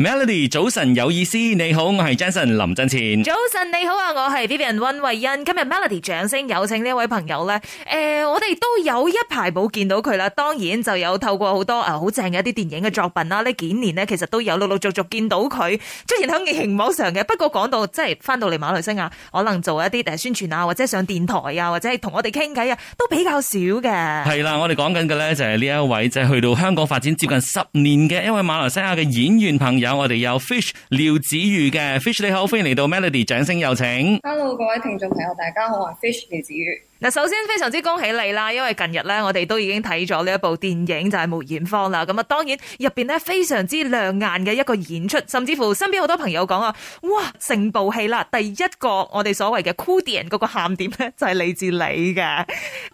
Melody 早晨有意思，你好，我係 Jason 林振前。早晨你好啊，我係 Vivian 溫慧欣。今日 Melody 掌聲有請呢一位朋友咧。誒、呃，我哋都有一排冇見到佢啦。當然就有透過好多誒好正嘅一啲電影嘅作品啦。呢幾年咧，其實都有陸陸續續見到佢出現喺熒幕上嘅。不過講到即係翻到嚟馬來西亞，可能做一啲誒宣傳啊，或者上電台啊，或者係同我哋傾偈啊，都比較少嘅。係啦，我哋講緊嘅咧就係呢一位即係、就是、去到香港發展接近十年嘅一位馬來西亞嘅演員朋友。我哋有 Fish 廖子妤嘅 Fish，你好，歡迎嚟到 Melody，掌聲有請。Hello，各位聽眾朋友，大家好，我係 Fish 廖子妤。嗱，首先非常之恭喜你啦，因為近日咧，我哋都已經睇咗呢一部電影就係梅艷芳啦。咁啊，當然入邊咧非常之亮眼嘅一個演出，甚至乎身邊好多朋友講啊，哇，成部戲啦，第一個我哋所謂嘅 cool 人嗰個喊點咧就係嚟自你嘅。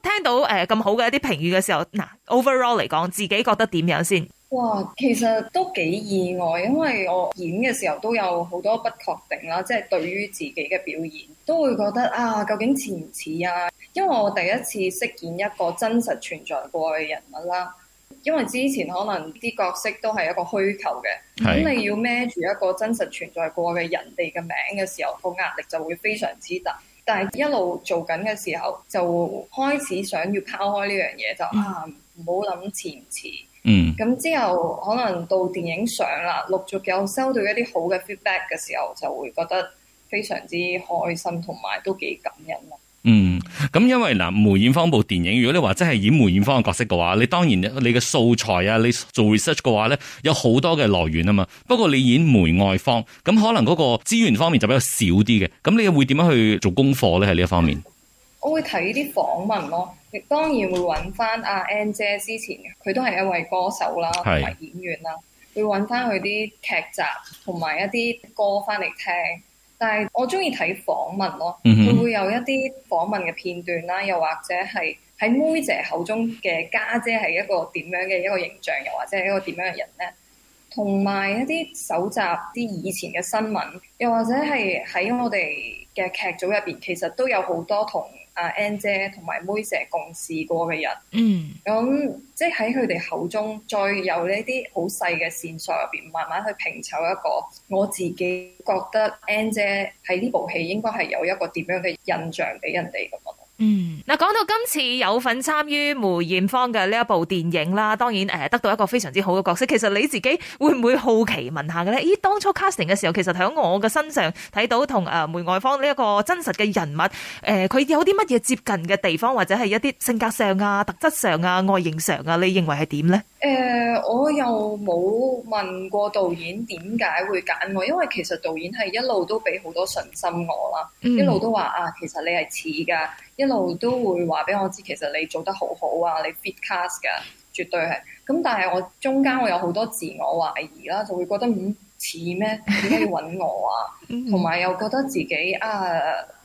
聽到誒咁好嘅一啲評語嘅時候，嗱，overall 嚟講，自己覺得點樣先？哇，其實都幾意外，因為我演嘅時候都有好多不確定啦，即係對於自己嘅表演都會覺得啊，究竟似唔似啊？因為我第一次飾演一個真實存在過嘅人物啦，因為之前可能啲角色都係一個虛構嘅，咁是你要孭住一個真實存在過嘅人哋嘅名嘅時候，個壓力就會非常之大。但係一路做緊嘅時候，就開始想要拋開呢樣嘢，就啊，唔好諗似唔似。嗯，咁之後可能到電影上啦，陸續有收到一啲好嘅 feedback 嘅時候，就會覺得非常之開心，同埋都幾感恩咯。嗯，咁因為嗱梅艷芳部電影，如果你話真係演梅艷芳嘅角色嘅話，你當然你嘅素材啊，你做 research 嘅話咧，有好多嘅來源啊嘛。不過你演梅愛芳，咁可能嗰個資源方面就比較少啲嘅。咁你會點樣去做功課咧？喺呢一方面？我會睇啲訪問咯，亦當然會揾翻阿 Ann 姐之前，佢都係一位歌手啦，同埋演員啦，是會揾翻佢啲劇集同埋一啲歌翻嚟聽。但係我中意睇訪問咯，佢會，會有一啲訪問嘅片段啦，又或者係喺妹姐口中嘅家姐係一個點樣嘅一個形象，又或者係一個點樣嘅人咧。同埋一啲搜集啲以前嘅新聞，又或者係喺我哋嘅劇組入邊，其實都有好多同。啊，Ang 姐同埋妹姐共事過嘅人，mm. 嗯，咁即係喺佢哋口中，再有呢啲好細嘅線索入邊，慢慢去拼湊一個我自己覺得 Ang 姐喺呢部戲應該係有一個點樣嘅印象俾人哋咁啊。嗯，嗱，講到今次有份參與梅艷芳嘅呢一部電影啦，當然誒、呃，得到一個非常之好嘅角色。其實你自己會唔會好奇問下嘅咧？咦，當初 casting 嘅時候，其實喺我嘅身上睇到同誒梅艷芳呢一個真實嘅人物，誒、呃，佢有啲乜嘢接近嘅地方，或者係一啲性格上啊、特質上啊、外形上啊，你認為係點呢？誒、呃，我又冇問過導演點解會揀我，因為其實導演係一路都俾好多信心我啦，mm. 一路都話啊，其實你係似噶，一路都會話俾我知其實你做得好好啊，你 fit cast 噶，絕對係。咁但係我中間我有好多自我懷疑啦，就會覺得唔、嗯、似咩點解要揾我啊？同埋 又覺得自己啊，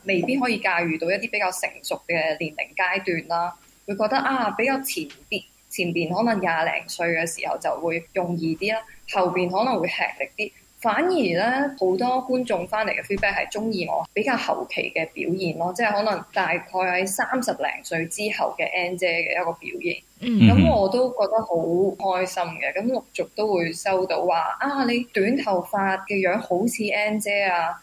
未必可以駕馭到一啲比較成熟嘅年齡階段啦，會覺得啊比較前啲。前邊可能廿零歲嘅時候就會容易啲啦，後邊可能會吃力啲。反而咧，好多觀眾翻嚟嘅 feedback 係中意我比較後期嘅表現咯，即係可能大概喺三十零歲之後嘅 N 姐嘅一個表現。咁、mm hmm. 嗯、我都覺得好開心嘅。咁陸續都會收到話啊，你短頭髮嘅樣好似 N 姐啊。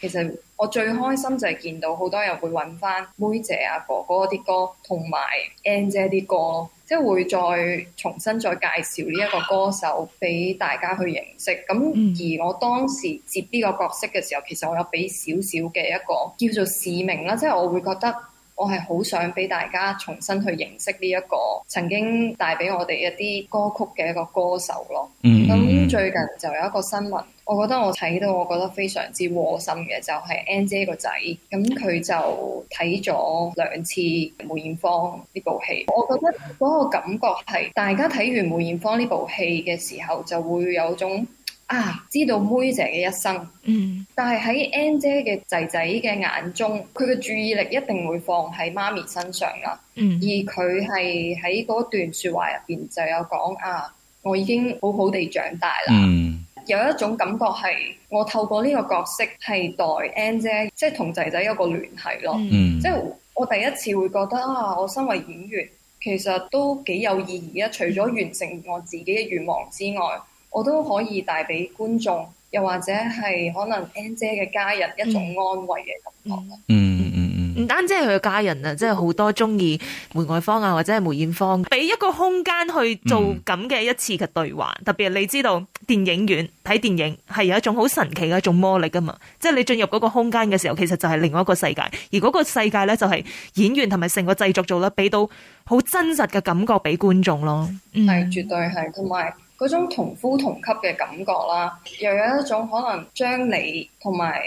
其實我最開心就係見到好多人會揾翻妹姐啊、哥哥啲歌，同埋 N 姐啲歌咯。即係會再重新再介紹呢一個歌手俾大家去認識。咁而我當時接呢個角色嘅時候，其實我有俾少少嘅一個叫做使命啦，即係我會覺得。我係好想俾大家重新去認識呢一個曾經帶俾我哋一啲歌曲嘅一個歌手咯。咁、mm hmm. 最近就有一個新聞，我覺得我睇到，我覺得非常之窩心嘅，就係 Angie 個仔，咁佢就睇咗兩次梅豔芳呢部戲。我覺得嗰個感覺係大家睇完梅豔芳呢部戲嘅時候，就會有種。啊！知道妹姐嘅一生，嗯，但係喺 N 姐嘅仔仔嘅眼中，佢嘅注意力一定會放喺媽咪身上啦。嗯，而佢係喺嗰段說話入邊就有講啊，我已經好好地長大啦。嗯，有一種感覺係我透過呢個角色係代 N 姐，即係同仔仔有一個聯繫咯。嗯，即係我第一次會覺得啊，我身為演員其實都幾有意義啊！除咗完成我自己嘅願望之外。我都可以帶俾觀眾，又或者係可能 n 姐嘅家人，嗯，一種安慰嘅感覺。嗯嗯嗯嗯，唔單止係佢嘅家人啊，即係好多中意梅愛芳啊，或者係梅艷芳，俾一個空間去做咁嘅一次嘅對話。嗯，特別你知道電影院睇電影係有一種好神奇嘅一種魔力噶嘛，即係你進入嗰個空間嘅時候，其實就係另外一個世界，而嗰個世界呢，就係、是、演員同埋成個製作組啦，俾到好真實嘅感覺俾觀眾咯。係、嗯、絕對係，同埋、嗯。嗰種同呼同吸嘅感覺啦，又有一種可能將你同埋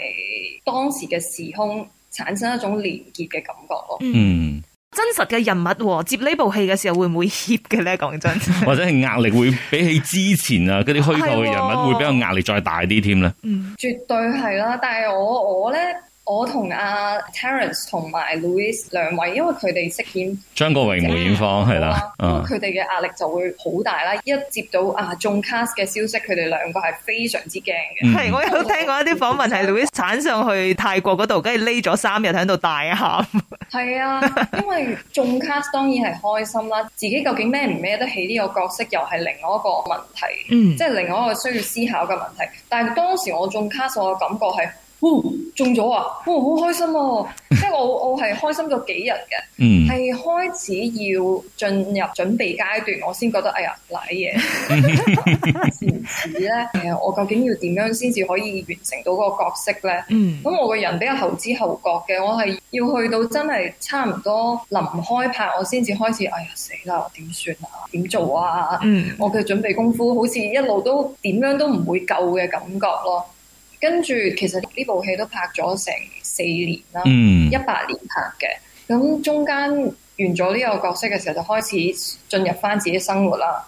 當時嘅時空產生一種連結嘅感覺咯。嗯，真實嘅人物接呢部戲嘅時候會唔會怯嘅咧？講真， 或者係壓力會比起之前啊嗰啲虛構嘅人物會比較壓力再大啲添咧。嗯，絕對係啦。但係我我咧。.我同阿 Terence 同埋 Louis 兩位，因為佢哋飾演張國榮、梅艷芳係啦，佢哋嘅壓力就會好大啦。嗯、一接到啊中 cast 嘅消息，佢哋兩個係非常之驚嘅。係，我有聽過一啲訪問，嗯，係 Louis 鏟上去泰國嗰度，跟住匿咗三日喺度大喊。係啊，因為中 cast 當然係開心啦， 自己究竟孭唔孭得起呢個角色，又係另外一個問題，嗯，即係另外一個需要思考嘅問題。但係當時我中 cast，我嘅感覺係。哦、中咗啊！哦，好開心、啊，即係我我係開心咗幾日嘅，係 開始要進入準備階段，我先覺得哎呀，瀨嘢，似咧，哎乃乃乃、 呃、我究竟要點樣先至可以完成到嗰個角色咧？咁、 嗯、我個人比較後知後覺嘅，我係要去到真係差唔多臨開拍，我先至開始，哎呀，死啦，我點算啊？點做啊？我嘅準備功夫好似一路都點樣都唔會夠嘅感覺咯。跟住，其實呢部戲都拍咗成四年啦，一八、嗯、年拍嘅。咁中間完咗呢個角色嘅時候，就開始進入翻自己生活啦。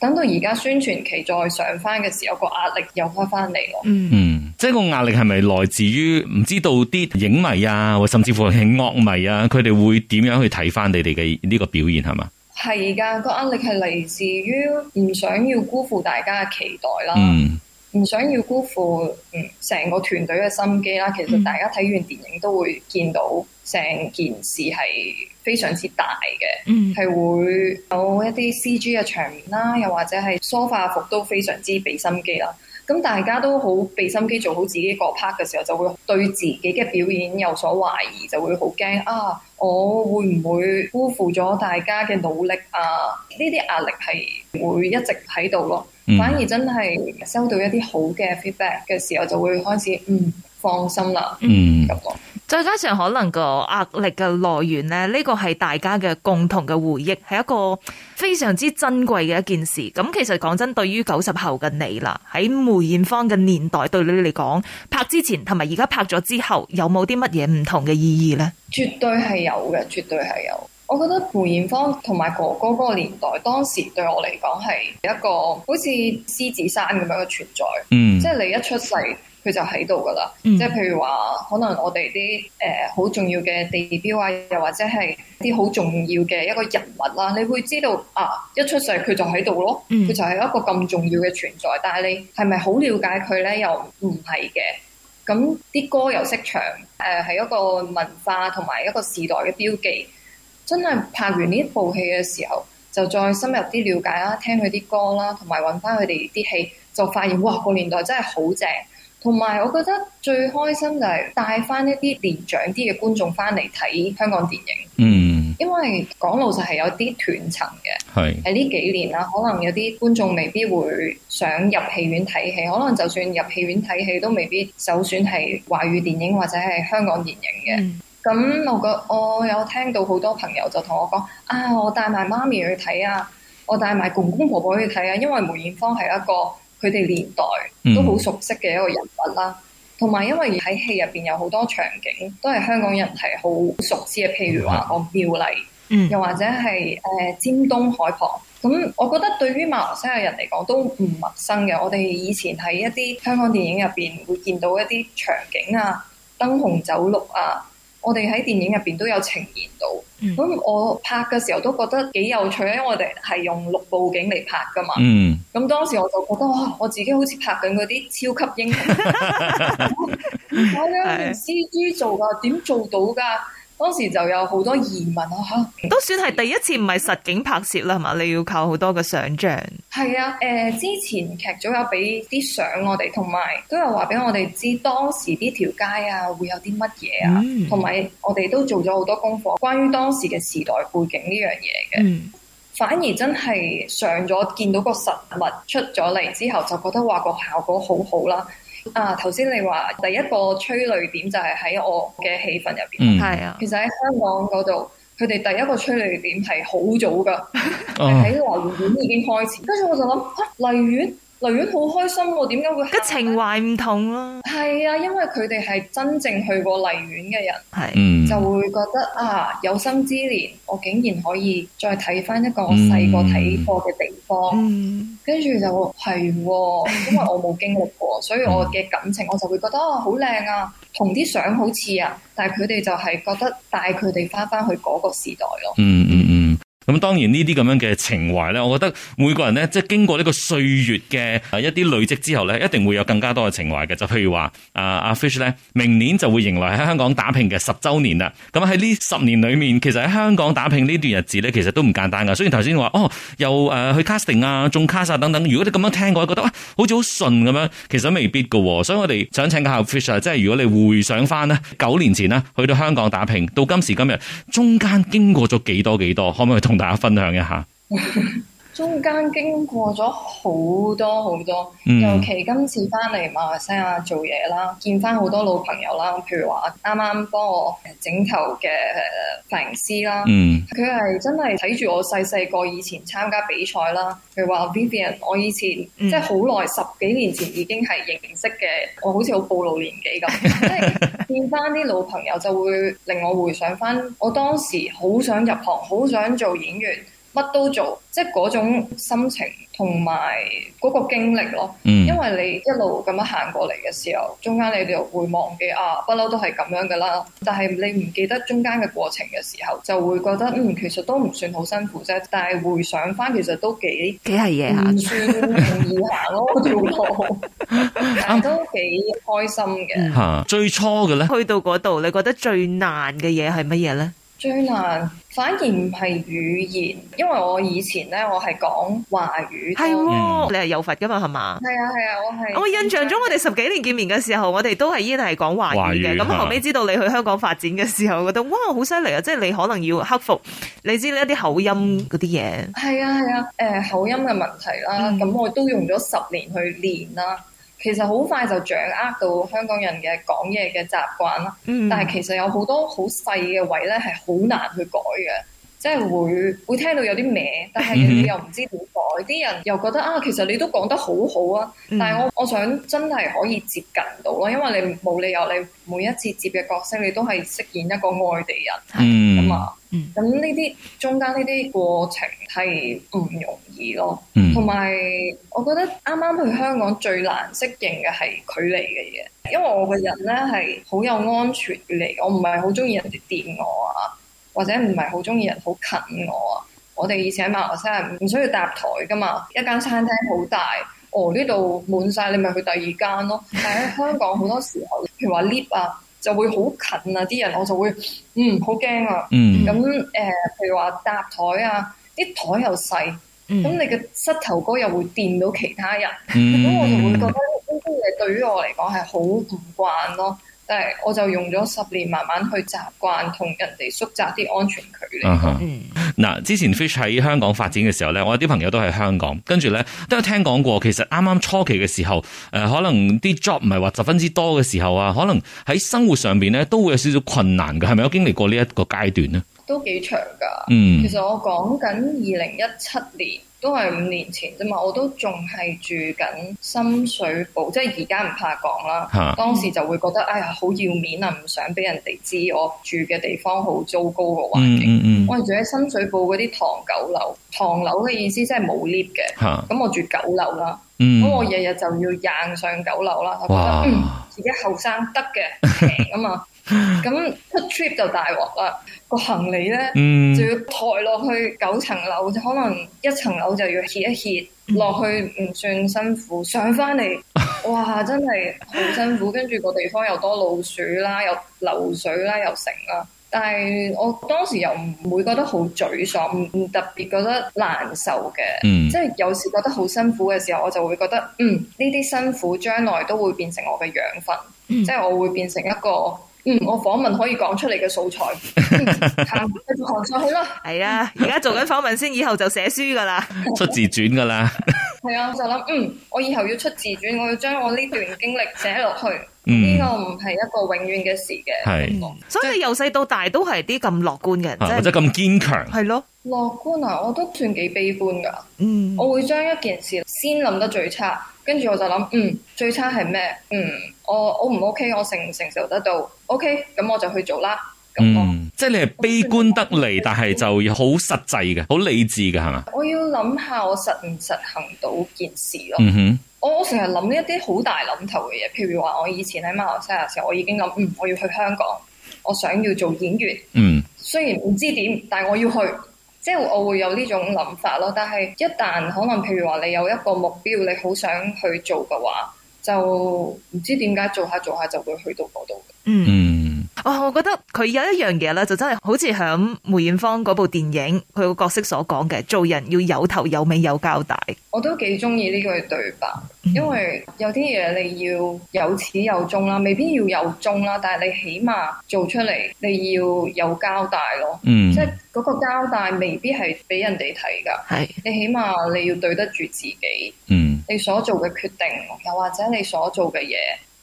等到而家宣傳期再上翻嘅時候，個壓力又開返嚟咯。嗯，即係個壓力係咪來自於唔知道啲影迷啊，或甚至乎係惡迷啊，佢哋會點樣去睇翻你哋嘅呢個表現係嘛？係噶，個壓力係嚟自於唔想要辜負大家嘅期待啦。嗯唔想要辜負嗯成個團隊嘅心機啦，其實大家睇完電影都會見到成件事係非常之大嘅，嗯、係會有一啲 CG 嘅場面啦，又或者係梳化服都非常之俾心機啦。咁、嗯、大家都好俾心機做好自己個 part 嘅時候，就會對自己嘅表演有所懷疑，就會好驚啊！我會唔會辜負咗大家嘅努力啊？呢啲壓力係會一直喺度咯。反而真係收到一啲好嘅 feedback 嘅時候，就會開始嗯放心啦，嗯咁講。再加上可能個壓力嘅來源咧，呢個係大家嘅共同嘅回憶，係一個非常之珍貴嘅一件事。咁其實講真，對於九十後嘅你啦，喺梅艷芳嘅年代對你嚟講，拍之前同埋而家拍咗之後，有冇啲乜嘢唔同嘅意義咧？絕對係有嘅，絕對係有。我覺得梅艷芳同埋哥哥嗰個年代，當時對我嚟講係一個好似獅子山咁樣嘅存在。嗯，即係你一出世，佢就喺度噶啦。嗯、即係譬如話，可能我哋啲誒好重要嘅地標啊，又或者係啲好重要嘅一個人物啦、啊，你會知道啊，一出世佢就喺度咯。佢、嗯、就係一個咁重要嘅存在，但係你係咪好了解佢咧？又唔係嘅。咁啲歌又識唱，誒、呃、係一個文化同埋一個時代嘅標記。真係拍完呢部戲嘅時候，就再深入啲了解啦，聽佢啲歌啦，同埋揾翻佢哋啲戲，就發現哇，個年代真係好正。同埋我覺得最開心就係帶翻一啲年長啲嘅觀眾翻嚟睇香港電影。嗯，因為講老實就係有啲斷層嘅，係喺呢幾年啦，可能有啲觀眾未必會想入戲院睇戲，可能就算入戲院睇戲，都未必首選係華語電影或者係香港電影嘅。嗯咁我個，我有聽到好多朋友就同我講啊，我帶埋媽咪去睇啊，我帶埋公公婆婆去睇啊，因為梅艷芳係一個佢哋年代都好熟悉嘅一個人物啦、啊。同埋、嗯、因為喺戲入邊有好多場景都係香港人係好熟悉嘅，譬如話個廟裏，嗯、又或者係誒、呃、尖東海旁。咁我覺得對於馬來西亞人嚟講都唔陌生嘅。我哋以前喺一啲香港電影入邊會見到一啲場景啊，燈紅酒綠啊。我哋喺電影入邊都有呈現到，咁、嗯、我拍嘅時候都覺得幾有趣，因為我哋係用綠布景嚟拍噶嘛，咁、嗯、當時我就覺得，哇，我自己好似拍緊嗰啲超級英雄，點解用 C G 做㗎？點做到㗎？當時就有好多疑問啊，都算係第一次唔係實景拍攝啦，係嘛？你要靠好多嘅想像。係啊，誒、呃、之前劇組有俾啲相我哋，同埋都有話俾我哋知當時呢條街啊會有啲乜嘢啊，同埋、嗯、我哋都做咗好多功課關於當時嘅時代背景呢樣嘢嘅。嗯、反而真係上咗見到個實物出咗嚟之後，就覺得話個效果好好啦。啊！頭先你話第一個催淚點就係喺我嘅戲份入邊，係啊、嗯。其實喺香港嗰度，佢哋第一個催淚點係好早噶，係喺荔園已經開始。跟住我就諗啊，荔園。荔園好開心喎、啊，點解會？個情懷唔同咯、啊。係啊，因為佢哋係真正去過荔園嘅人，係、啊，就會覺得啊，有生之年我竟然可以再睇翻一個我細個睇過嘅地方，跟住、嗯、就係、啊，因為我冇經歷過， 所以我嘅感情我就會覺得啊，好靚啊，同啲相好似啊，但係佢哋就係覺得帶佢哋翻翻去嗰個時代咯。嗯嗯。咁當然呢啲咁樣嘅情懷咧，我覺得每個人呢，即係經過呢個歲月嘅一啲累積之後呢，一定會有更加多嘅情懷嘅。就譬如話，阿、啊、阿 Fish 咧，明年就會迎來喺香港打拼嘅十周年啦。咁喺呢十年裏面，其實喺香港打拼呢段日子呢，其實都唔簡單噶。雖然頭先話哦，又誒、呃、去 casting 啊，中 cast 啊等等。如果你咁樣聽過，覺得、啊、好似好順咁樣，其實未必噶。所以我哋想請教下啊 Fish 啊，即係如果你回想翻呢，九年前呢，去到香港打拼，到今時今日，中間經過咗幾多幾多，可唔可以？同大家分享一下。 中間經過咗好多好多，尤其今次翻嚟馬來西亞做嘢啦，見翻好多老朋友啦，譬如話啱啱幫我整頭嘅髮型師啦，佢係真係睇住我細細個以前參加比賽啦，譬如話 Vivian 我以前、嗯、即係好耐十幾年前已經係認識嘅，我好似好暴露年紀咁， 即係見翻啲老朋友就會令我回想翻，我當時好想入行，好想做演員。乜都做，即係嗰種心情同埋嗰個經歷咯。嗯，因為你一路咁樣行過嚟嘅時候，中間你就會忘記啊，不嬲都係咁樣噶啦。但係你唔記得中間嘅過程嘅時候，就會覺得嗯，其實都唔算好辛苦啫。但係回想翻，其實都幾幾係嘢，行，唔算容易行咯條路，但都幾開心嘅。吓，最初嘅咧，去到嗰度，你覺得最難嘅嘢係乜嘢咧？最難反而唔係語言，因為我以前咧，我係講華語。係喎，啊，嗯、你係有佛噶嘛？係嘛？係啊係啊，我係我、哦，印象中，我哋十幾年見面嘅時候，我哋都係依然係講華語嘅。咁語後尾知道你去香港發展嘅時候，覺得哇，好犀利啊！即係你可能要克服，你知呢一啲口音嗰啲嘢。係啊係啊，誒、啊呃、口音嘅問題啦。咁、嗯、我都用咗十年去練啦。其實好快就掌握到香港人嘅講嘢嘅習慣啦，mm hmm. 但係其實有好多好細嘅位咧，係好難去改嘅。即係會會聽到有啲歪，但係你又唔知點改。啲、mm hmm. 人又覺得啊，其實你都講得好好啊，mm hmm. 但係我我想真係可以接近到咯，因為你冇理由你每一次接嘅角色，你都係飾演一個外地人咁啊。咁呢啲中間呢啲過程係唔容易咯。同埋、mm，hmm. 我覺得啱啱去香港最難適應嘅係距離嘅嘢，因為我個人咧係好有安全嚟，我唔係好中意人哋掂我啊。或者唔係好中意人好近我啊！我哋以前喺馬來西亞唔需要搭台噶嘛，一間餐廳好大，哦呢度滿晒，你咪去第二間咯。但喺香港好多時候，譬如話 lift 啊，就會好近啊，啲人我就會嗯好驚啊。咁誒、嗯呃，譬如話搭台啊，啲台又細，咁你嘅膝頭哥又會掂到其他人，咁、嗯、 我就會覺得呢啲嘢對於我嚟講係好唔慣咯。我就用咗十年慢慢去習慣同人哋縮窄啲安全距離。嗱，之前 Fish 喺香港發展嘅時候呢，我啲朋友都喺香港，跟住呢，都有聽講過，其實啱啱初期嘅時候，誒、呃，可能啲 job 唔係話十分之多嘅時候啊，可能喺生活上邊呢都會有少少困難嘅，係咪有經歷過階呢一個階段咧？都幾長噶，嗯、mm，hmm. 其實我講緊二零一七年。都係五年前啫嘛，我都仲係住緊深水埗，即係而家唔怕講啦。當時就會覺得哎呀，好要面啊，唔想俾人哋知我住嘅地方好糟糕嘅環境。我係、嗯嗯嗯、住喺深水埗嗰啲唐九樓，唐樓嘅意思即係冇 lift 嘅。咁、嗯、我住九樓啦，咁、嗯、我日日就要硬上九樓啦。哇我覺得、嗯、自己後生得嘅，平啊嘛～ 咁出 trip 就大鑊啦，個行李咧，嗯、就要抬落去九層樓，就可能一層樓就要歇一歇，落去唔算辛苦，上翻嚟，哇，真係好辛苦。跟住個地方又多老鼠啦，又流水啦，又成啦。但係我當時又唔會覺得好沮喪，唔特別覺得難受嘅，即係、嗯、有時覺得好辛苦嘅時候，我就會覺得，嗯，呢啲辛苦將來都會變成我嘅養分，即係、嗯、我會變成一個。嗯，我訪問可以講出嚟嘅素材，行，繼續行上去咯。係啊，而家做緊訪問先，以後就寫書㗎喇，出自傳㗎喇。係啊，我就諗嗯，我以後要出自傳，我要將我呢段經歷寫落去。呢、嗯、個唔係一個永遠嘅事嘅，係是。所以由細以到大都係啲咁樂觀嘅人、啊，或者咁堅強。係咯、啊，樂觀啊，我都算幾悲觀噶、嗯嗯。嗯，我會將一件事先諗得最差，跟住我就諗嗯，最差係咩？嗯，我我唔 OK，我承唔承受得到？OK，咁我就去做啦。嗯，即係你係悲觀得嚟，嗯、但係就好實際嘅，好、嗯、理智嘅係嘛？我要諗下我實唔實行到件事咯。嗯、哼，我我成日諗呢一啲好大諗頭嘅嘢，譬如話我以前喺馬來西亞時候，我已經諗嗯我要去香港，我想要做演員。嗯，雖然唔知點，但係我要去，即係我會有呢種諗法咯。但係一旦可能譬如話你有一個目標，你好想去做嘅話，就唔知點解做下做下就會去到嗰度。嗯。哦，oh, 我覺得佢有一樣嘢咧，就真係好似響梅艷芳嗰部電影佢個角色所講嘅，做人要有頭有尾有交代。我都幾中意呢句對白，因為有啲嘢你要有始有終啦，未必要有終啦，但係你起碼做出嚟你要有交代咯。嗯，即係嗰個交代未必係俾人哋睇噶，係是你起碼你要對得住自己。嗯，你所做嘅決定，又或者你所做嘅嘢。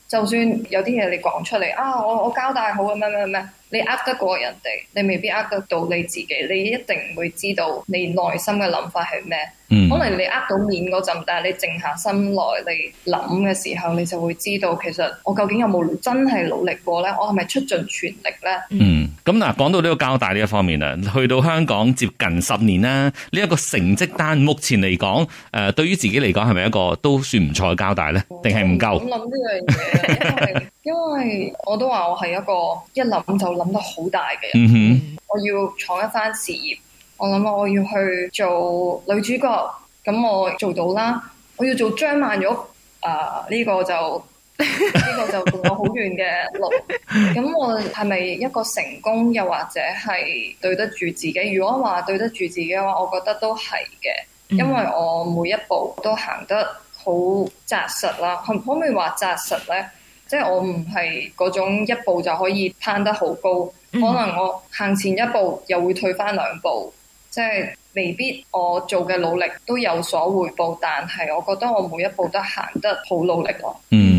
就算有啲嘢你講出嚟啊，我我交代好啊，咩咩咩。你呃得過人哋，你未必呃得到你自己，你一定會知道你內心嘅諗法係咩。嗯、可能你呃到面嗰陣，但係你靜下心來嚟諗嘅時候，你就會知道其實我究竟有冇真係努力過咧？我係咪出盡全力咧？嗯。咁嗱，講到呢個交代呢一方面啊，去到香港接近十年啦，呢、這、一個成績單目前嚟講，誒、呃，對於自己嚟講係咪一個都算唔錯嘅交代咧？定係唔夠？諗呢樣嘢，因為我都話我係一個一諗就。諗到好大嘅，人、mm，hmm. 我要創一番事業。我諗，我要去做女主角，咁我做到啦。我要做張曼玉，誒、呃、呢、這個就呢 個就同我好遠嘅路。咁 我係咪一個成功，又或者係對得住自己？如果話對得住自己嘅話，我覺得都係嘅，mm hmm. 因為我每一步都行得好扎實啦。可唔可以話扎實咧？即係我唔係嗰種一步就可以攀得好高，可能我行前一步又會退翻兩步，即係未必我做嘅努力都有所回報，但係我覺得我每一步都行得好努力咯。嗯。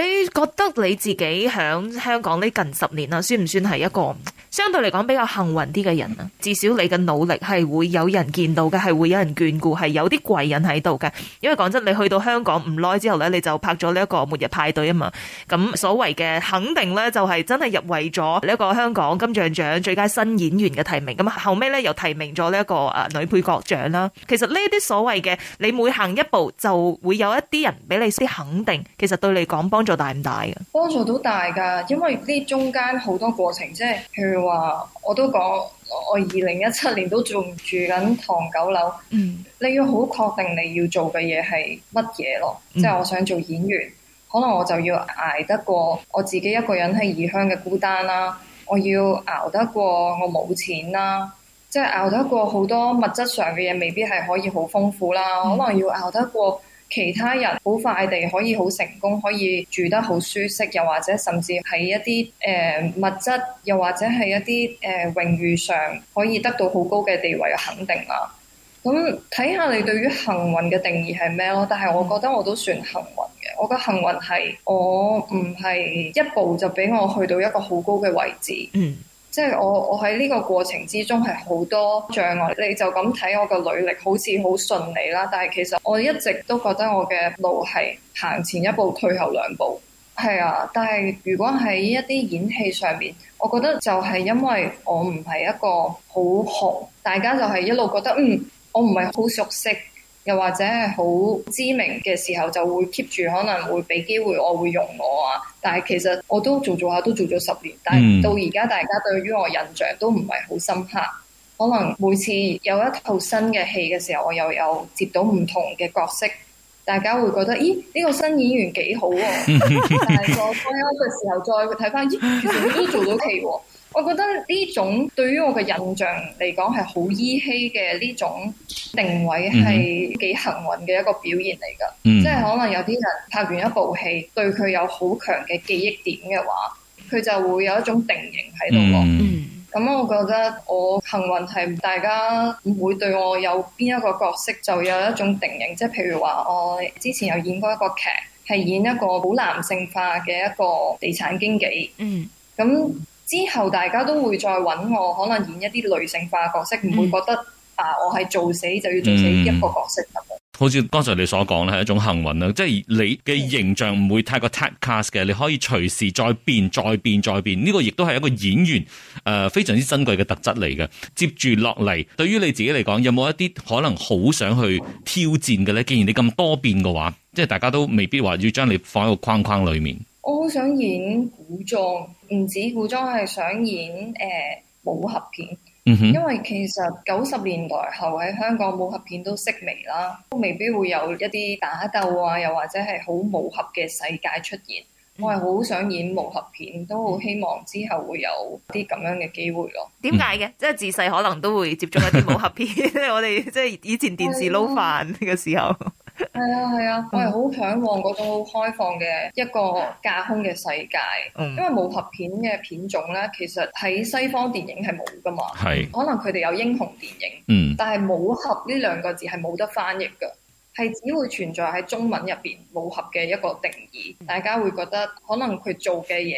你覺得你自己喺香港呢近十年啊，算唔算係一個相對嚟講比較幸運啲嘅人啊？至少你嘅努力係會有人見到嘅，係會有人眷顧，係有啲貴人喺度嘅。因為講真，你去到香港唔耐之後呢，你就拍咗呢一個《末日派對》啊嘛。咁所謂嘅肯定呢，就係真係入圍咗呢一個香港金像獎最佳新演員嘅提名。咁後尾呢，又提名咗呢一個誒女配角獎啦。其實呢啲所謂嘅，你每行一步就會有一啲人俾你啲肯定。其實對你講幫。做大唔大嘅？幫助都大噶因為呢中間好多過程，即係譬如話，我都講我二零一七年都仲住緊唐九樓。嗯，你要好確定你要做嘅嘢係乜嘢？咯即係我想做演員，嗯、可能我就要捱得過我自己一個人喺異鄉嘅孤單啦。我要捱得過我冇錢啦，即係捱得過好多物質上嘅嘢未必係可以好豐富啦，可能要捱得過。其他人好快地可以好成功，可以住得好舒適，又或者甚至喺一啲誒、呃、物質，又或者係一啲誒、呃、榮譽上可以得到好高嘅地位嘅肯定啦。咁睇下你對於幸運嘅定義係咩咯？但係我覺得我都算幸運嘅。我覺得幸運係我唔係一步就俾我去到一個好高嘅位置。嗯。即係我我喺呢個過程之中係好多障礙，你就咁睇我嘅履歷好似好順利啦，但係其實我一直都覺得我嘅路係行前一步退後兩步，係啊。但係如果喺一啲演戲上面，我覺得就係因為我唔係一個好紅，大家就係一路覺得嗯，我唔係好熟悉。又或者係好知名嘅時候，就會 keep 住可能會俾機會，我會用我啊。但係其實我都做做下，都做咗十年，但係到而家大家對於我印象都唔係好深刻。可能每次有一套新嘅戲嘅時候，我又有接到唔同嘅角色，大家會覺得咦呢、呢個新演員幾好，啊，但係放開嘅時候再睇翻咦，其實佢都做到戲喎，啊。我覺得呢種對於我嘅印象嚟講，係好依稀嘅呢種定位係幾幸運嘅一個表現嚟噶。嗯、即係可能有啲人拍完一部戲，對佢有好強嘅記憶點嘅話，佢就會有一種定型喺度咯。咁、嗯嗯嗯、我覺得我幸運係大家唔會對我有邊一個角色就有一種定型，即係譬如話我、哦、之前有演過一個劇，係演一個好男性化嘅一個地產經紀。嗯，咁、嗯。嗯之後大家都會再揾我，可能演一啲女性化角色，唔、嗯、會覺得啊，我係做死就要做死一個角色咁、嗯。好似剛才你所講咧，係一種幸運啦，即係你嘅形象唔會太過 typecast 嘅，你可以隨時再變、再變、再變。呢、這個亦都係一個演員誒、呃、非常之珍貴嘅特質嚟嘅。接住落嚟，對於你自己嚟講，有冇一啲可能好想去挑戰嘅咧？既然你咁多變嘅話，即係大家都未必話要將你放喺個框框裡面。我好想演古裝，唔止古裝，係想演誒、呃、武俠片。嗯、哼因為其實九十年代後喺香港武俠片都式微啦，都未必會有一啲打鬥啊，又或者係好武俠嘅世界出現。我係好想演武俠片，都好希望之後會有啲咁樣嘅機會咯。點解嘅？嗯、即係自細可能都會接觸一啲武俠片， 我哋即係以前電視撈飯呢個時候。係啊，係啊，我係好嚮往嗰種好開放嘅一個架空嘅世界，因為武俠片嘅片種咧，其實喺西方電影係冇噶嘛。是可能佢哋有英雄電影，但係武俠呢兩個字係冇得翻譯噶，係只會存在喺中文入邊，武俠嘅一個定義，大家會覺得可能佢做嘅嘢，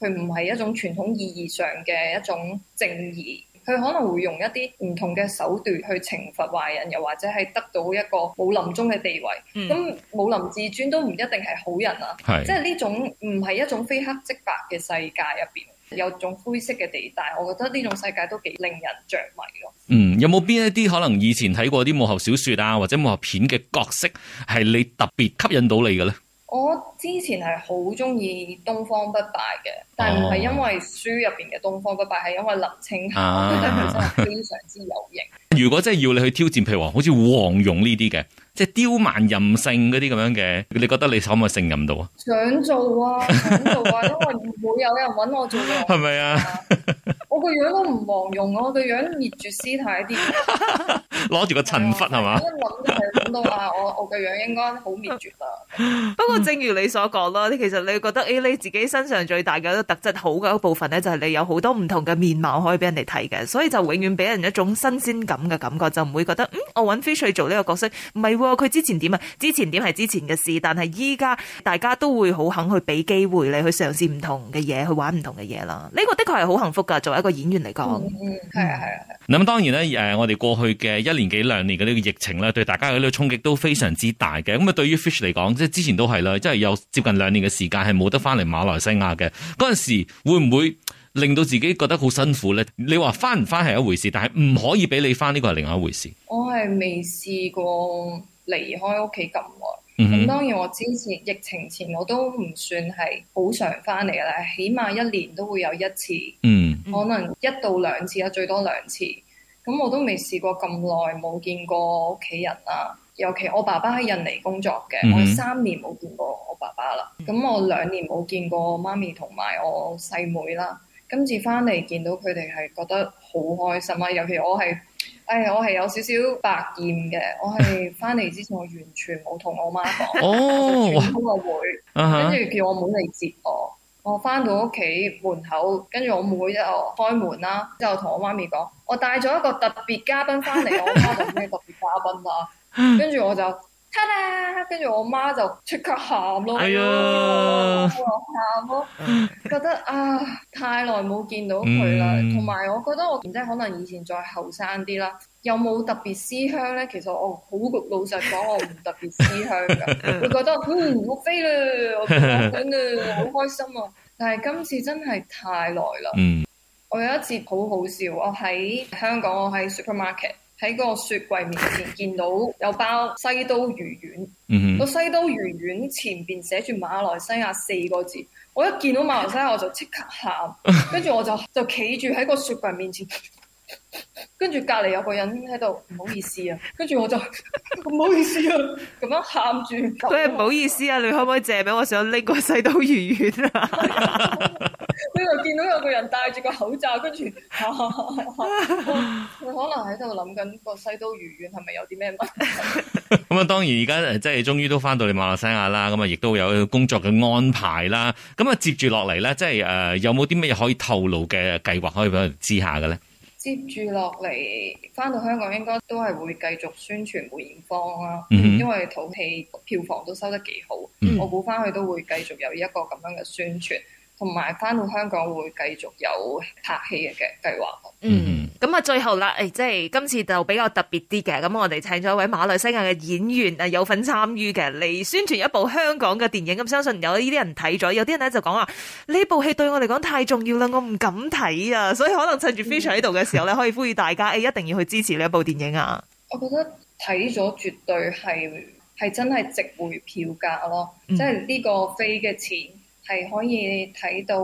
佢唔係一種傳統意義上嘅一種正義。佢可能會用一啲唔同嘅手段去懲罰壞人，又或者係得到一個武林中嘅地位。咁、嗯、武林至尊都唔一定係好人啊。是即係呢種唔係一種非黑即白嘅世界入邊，有種灰色嘅地帶。我覺得呢種世界都幾令人着迷咯。嗯，有冇邊一啲可能以前睇過啲武俠小説啊，或者武俠片嘅角色係你特別吸引到你嘅呢？我之前係好中意東方不敗嘅，但唔係因為書入邊嘅東方不敗，係、哦、因為林青霞，覺得佢真係非常之有型。 如果真係要你去挑戰，譬如話好似黃蓉呢啲嘅。即係刁蠻任性嗰啲咁樣嘅，你覺得你可唔可以勝任到啊？想做啊，想做啊，因為唔會有人揾我做。係咪啊？我個樣都唔黃蓉，我個樣滅絕師太啲，攞住個塵拂係嘛？諗都係諗到啊，我我個樣應該好滅絕啊。不過正如你所講咯，其實你覺得誒，你自己身上最大嘅特質好嘅一部分咧，就係你有好多唔同嘅面貌可以俾人哋睇嘅，所以就永遠俾人一種新鮮感嘅感覺，就唔會覺得嗯，我揾 Fish 做呢個角色唔係。佢之前點啊？之前點係之前嘅事，但係依家大家都會好肯去俾機會你去嘗試唔同嘅嘢，去玩唔同嘅嘢啦。呢個的確係好幸福噶，作為一個演員嚟講，係啊係啊。咁啊，當然咧，誒，我哋過去嘅一年幾兩年嘅呢個疫情咧，對大家嘅呢個衝擊都非常之大嘅。咁啊，對於 Fish 嚟講，即係之前都係啦，即係有接近兩年嘅時間係冇得翻嚟馬來西亞嘅。嗰陣時會唔會令到自己覺得好辛苦咧？你話翻唔翻係一回事，但係唔可以俾你翻呢個係另外一回事。我係未試過。離開屋企咁耐，咁、mm hmm. 當然我之前疫情前我都唔算係好常翻嚟噶啦，起碼一年都會有一次，mm hmm. 可能一到兩次呀，最多兩次。咁我都未試過咁耐冇見過屋企人啦、啊。尤其我爸爸喺印尼工作嘅，mm hmm. 我三年冇見過我爸爸啦。咁我兩年冇見過媽咪同埋我細妹啦。今次翻嚟見到佢哋係覺得好開心啦、啊，尤其我係。誒、哎，我係有少少白厭嘅，我係翻嚟之前我完全冇同我媽講，我開個會，跟住叫我妹嚟接我，我翻到屋企門口，跟住我妹一開門啦，之後同我媽咪講，我帶咗一個特別嘉賓翻嚟，我媽咪，咩特別嘉賓啊？跟住我就。跟住我媽就即刻喊咯，喊咯，覺得啊太耐冇見到佢啦。同埋、嗯、我覺得我唔知可能以前再後生啲啦，有冇特別思鄉咧？其實我好老實講，我唔特別思鄉㗎， 會覺得，嗯，我飛啦，我飛緊啦，好 開心啊！但係今次真係太耐啦。嗯，我有一次好好笑，我喺香港，我喺 supermarket。喺個雪櫃面前見到有包西刀魚丸，個、嗯、哼西刀魚丸前邊寫住馬來西亞四個字，我一見到馬來西亞我就即刻喊，跟住我就就企住喺個雪櫃面前，跟住隔離有個人喺度唔好意思啊，跟住我就唔 好意思啊，咁樣喊住，喂唔說好意思啊， 你可唔可以借俾我，想拎個西刀魚丸啊？ 跟住 見到有個人戴住個口罩，跟住佢可能喺度諗緊個西都如願係咪有啲咩問題？咁啊，當然而家即係終於都翻到嚟馬來西亞啦，咁啊，亦都有工作嘅安排啦。咁、嗯、啊，接住落嚟咧，即係誒、呃、有冇啲咩嘢可以透露嘅計劃可以俾佢知下嘅咧？接住落嚟翻到香港應該都係會繼續宣傳梅豔芳啦，因為套戲票房都收得幾好，嗯、我估翻去都會繼續有一個咁樣嘅宣傳。同埋返到香港會繼續有拍戲嘅計劃。嗯，咁啊，最後啦，誒、哎，即係今次就比較特別啲嘅。咁我哋請咗一位馬來西亞嘅演員啊，有份參與嘅嚟宣傳一部香港嘅電影。咁相信有呢啲人睇咗，有啲人咧就講話呢部戲對我嚟講太重要啦，我唔敢睇啊。所以可能趁住 Fish 喺度嘅時候咧，嗯、可以呼籲大家誒、哎、一定要去支持呢一部電影啊。我覺得睇咗絕對係係真係值回票價咯，嗯、即係呢個飛嘅錢。係可以睇到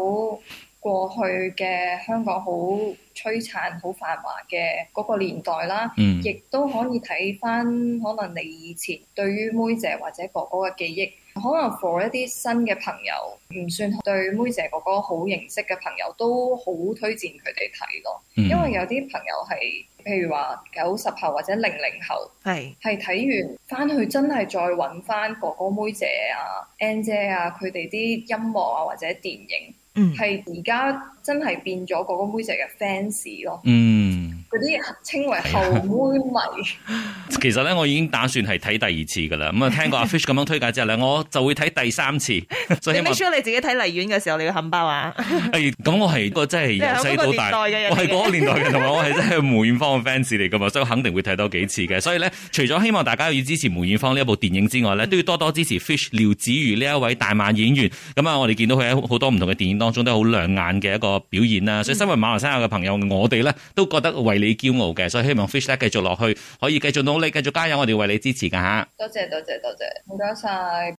過去嘅香港好璀璨、好繁華嘅嗰個年代啦，嗯、亦都可以睇翻可能你以前對於妹姐或者哥哥嘅記憶。可能 for 一啲新嘅朋友，唔算對梅姐哥哥好認識嘅朋友，都好推薦佢哋睇咯。因為有啲朋友係，譬如話九十後或者零零後，係係睇完翻去真係再搵翻哥哥梅姐啊、n 姐啊，佢哋啲音樂啊或者電影，係而家真係變咗哥哥梅姐嘅 fans 咯。嗯嗰啲稱為後妹迷。 其實咧，我已經打算係睇第二次噶啦。咁啊，聽過阿 Fish 咁樣推介之後咧，我就會睇第三次。 所以 make sure 你自己睇荔園嘅時候你要冚包啊。咁、 哎、我係個真係由細到大， 我係嗰個年代嘅同埋我係真係梅豔芳嘅 fans 嚟噶嘛，所以我肯定會睇多幾次嘅。所以咧，除咗希望大家要支持梅豔芳呢一部電影之外咧， 都要多多支持 Fish 廖子妤呢一位大馬演員。咁啊，我哋見到佢喺好多唔同嘅電影當中都好亮眼嘅一個表演啦。所以身為馬來西亞嘅朋友， 我哋咧都覺得為你你驕傲嘅，所以希望 Fish 咧繼續落去，可以繼續努力，繼續加油，我哋為你支持噶吓，多謝，多謝，多謝，唔該晒。